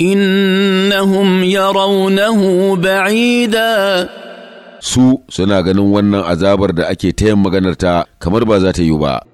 innahum يرونه ba'ida su suna ganin wannan azabar da ake ta yin maganarta kamar ba za ta yi ba